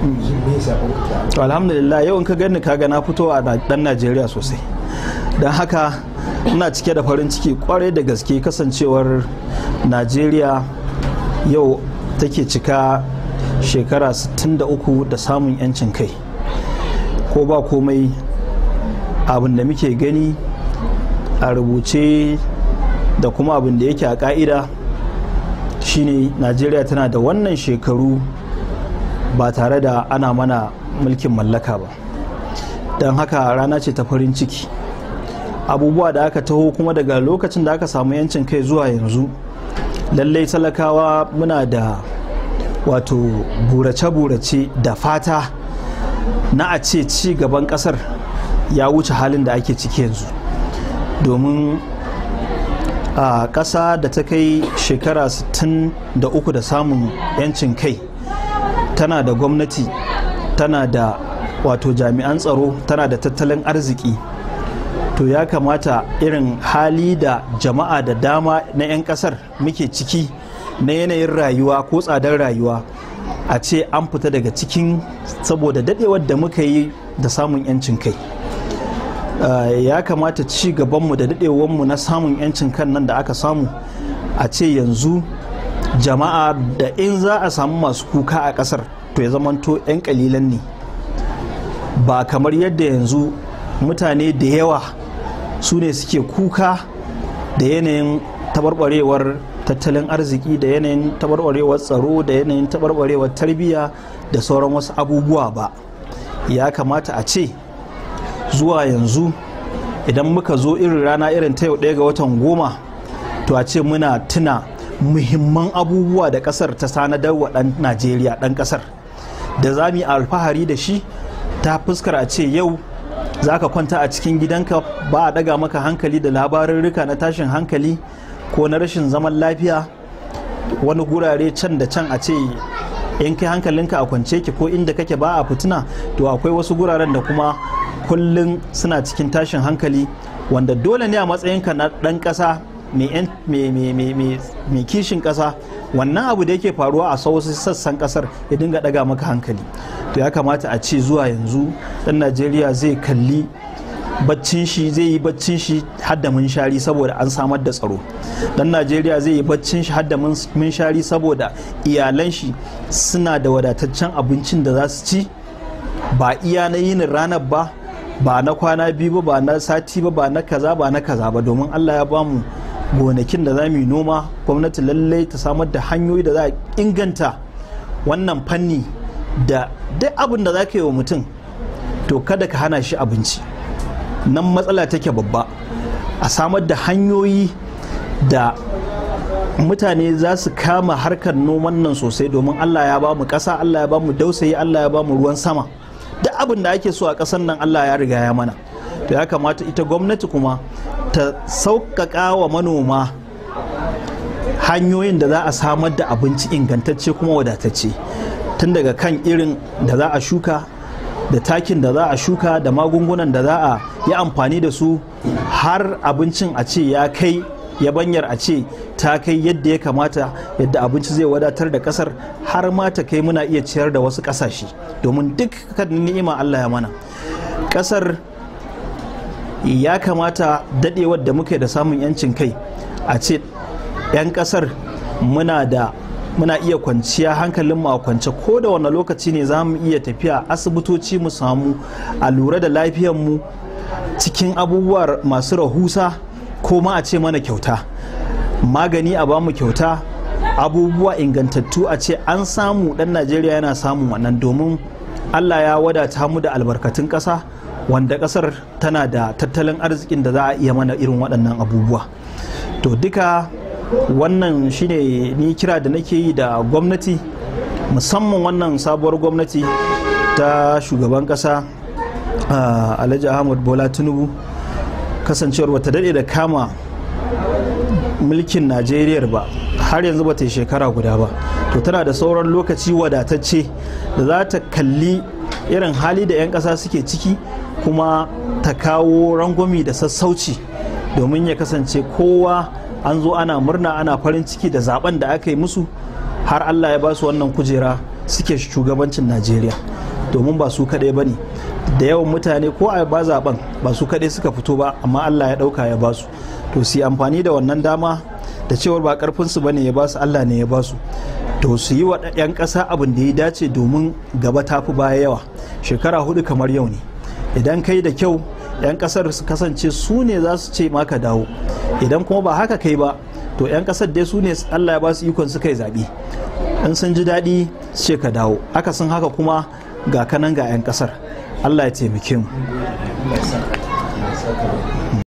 to alhamdulillah yau in ka gani ka gana fito a dan najeriya sosai don haka ina cike da farin ciki kwarai da gaske kasancewar najeriya yau take cika shekara 63 da samun yancin kai ko ba komai abin da muke gani a rubuce da kuma abin da yake a ka'ida shine najeriya tana da wannan shekaru ba tare da ana mana mulkin mallaka ba don haka rana ce ta farin ciki abubuwa da aka taho kuma daga lokacin da aka samu yancin kai zuwa yanzu lallai talakawa muna da wato burace-burace da fata na a ce ci gaban kasar ya wuce halin da ake ciki yanzu domin a ƙasa da ta kai shekara 63 da samun yancin kai tana da gwamnati tana da wato jami'an tsaro tana da tattalin arziki to ya kamata irin hali da jama'a da dama na 'yan kasar muke ciki na yanayin rayuwa ko tsadar rayuwa a ce an fita daga cikin saboda dadewar da muka yi da samun 'yancin kai eh, ya kamata ci gabanmu da dadewarmu na samun 'yancin kan nan da aka samu a ce yanzu jama'a da in za a samu masu kuka a kasar to ya zamanto 'yan kalilan ne ba kamar yadda yanzu mutane da yawa su ne suke kuka da yanayin tabarbarewar tattalin arziki da yanayin tabarbarewar tsaro da yanayin tabarbarewar tarbiyya da sauran wasu abubuwa ba ya kamata a ce zuwa yanzu idan muka zo irin rana irin ta yau ɗaya ga watan goma to a ce muna tuna muhimman abubuwa da ƙasar ta sanadar wa ɗan najeriya ɗan ƙasar da za mu yi alfahari da shi ta fuskar a ce yau za ka kwanta a cikin gidanka ba a daga maka hankali da labarurruka na tashin hankali ko na rashin zaman lafiya wani gurare can da can a ce in kai hankalinka a kwance ki ko inda kake ba a fitina to akwai wasu guraren da kuma kullum suna cikin tashin hankali wanda dole ne a matsayinka na ɗan ƙasa mai kishin ƙasa wannan abu da yake faruwa a sauran sassan kasar ya dinga daga maka hankali to ya kamata a ce zuwa yanzu dan najeriya zai kalli baccin shi zai yi baccin shi hadda munshari saboda an samar da tsaro dan najeriya zai yi baccin shi hadda munshari saboda iyalan shi suna da wadataccen abincin da za su ci ba iya na yin ranar ba ba na kwana biyu ba ba na sati ba ba na kaza ba na kaza ba domin allah ya bamu gonakin da za mu yi noma gwamnati lallai ta samar da hanyoyi da za a inganta wannan fanni da duk abin da za ka yi wa mutum to kada ka hana shi abinci nan matsala take babba a samar da hanyoyi da mutane za su kama harkar noman nan sosai domin allah ya ba mu ƙasa allah ya ba mu dausayi allah ya ba mu ruwan sama duk abin da ake so a ƙasar nan allah ya riga ya mana to ya kamata ita gwamnati kuma ta sauƙaƙa wa manoma hanyoyin da za a samar da abinci ingantacce kuma wadatacce tun daga kan irin da za a shuka da takin da za a shuka da magungunan da za a yi amfani da su har abincin a ce ya kai ya banyar a ce ta kai yadda ya kamata yadda abinci zai wadatar da kasar har ma ta kai muna iya ciyar da wasu kasashe domin duk ni'ima Allah ya mana kasar ya kamata dadewar da muke da samun yancin kai a ce 'yan kasar muna da muna iya kwanciya hankalin mu a kwance ko da wani lokaci ne za mu iya tafiya asibitoci mu samu a lura da mu cikin abubuwa masu rahusa ko ma a ce mana kyauta magani a bamu kyauta abubuwa ingantattu a ce an samu dan najeriya yana samun wannan domin allah ya wadata mu da albarkatun ƙasa wanda kasar tana da tattalin arzikin da za a iya mana irin waɗannan abubuwa to duka wannan shine ni kira da nake yi da gwamnati musamman wannan sabuwar gwamnati ta shugaban ƙasa alhaji ahmad bola tinubu kasancewar wata daɗe da kama mulkin najeriya ba har yanzu ba ta yi shekara guda ba to tana da sauran lokaci wadatacce da za ta kalli irin hali da 'yan kasa suke ciki kuma ta kawo rangwami da sassauci domin ya kasance kowa an zo ana murna ana farin ciki da zaben da aka yi musu har allah ya ba su wannan kujera suke shugabancin najeriya domin ba su kaɗai ba ne da yawan mutane ko a ba zaben ba su kaɗai suka fito ba amma allah ya ɗauka ya ba su to su amfani da wannan dama da cewar ba karfinsu bane ya basu Allah ne ya basu to su yi wa 'yan ƙasa abin da ya dace domin gaba ta fi baya yawa shekara hudu kamar yau ne idan kai da kyau 'yan ƙasar su kasance su ne za su ce maka dawo idan kuma ba haka kai ba to 'yan ƙasar dai su ne Allah ya ba su ikon su kai zaɓe in sun ji daɗi ce ka dawo aka sun haka kuma ga kanan ga ƴan ƙasar Allah ya taimake mu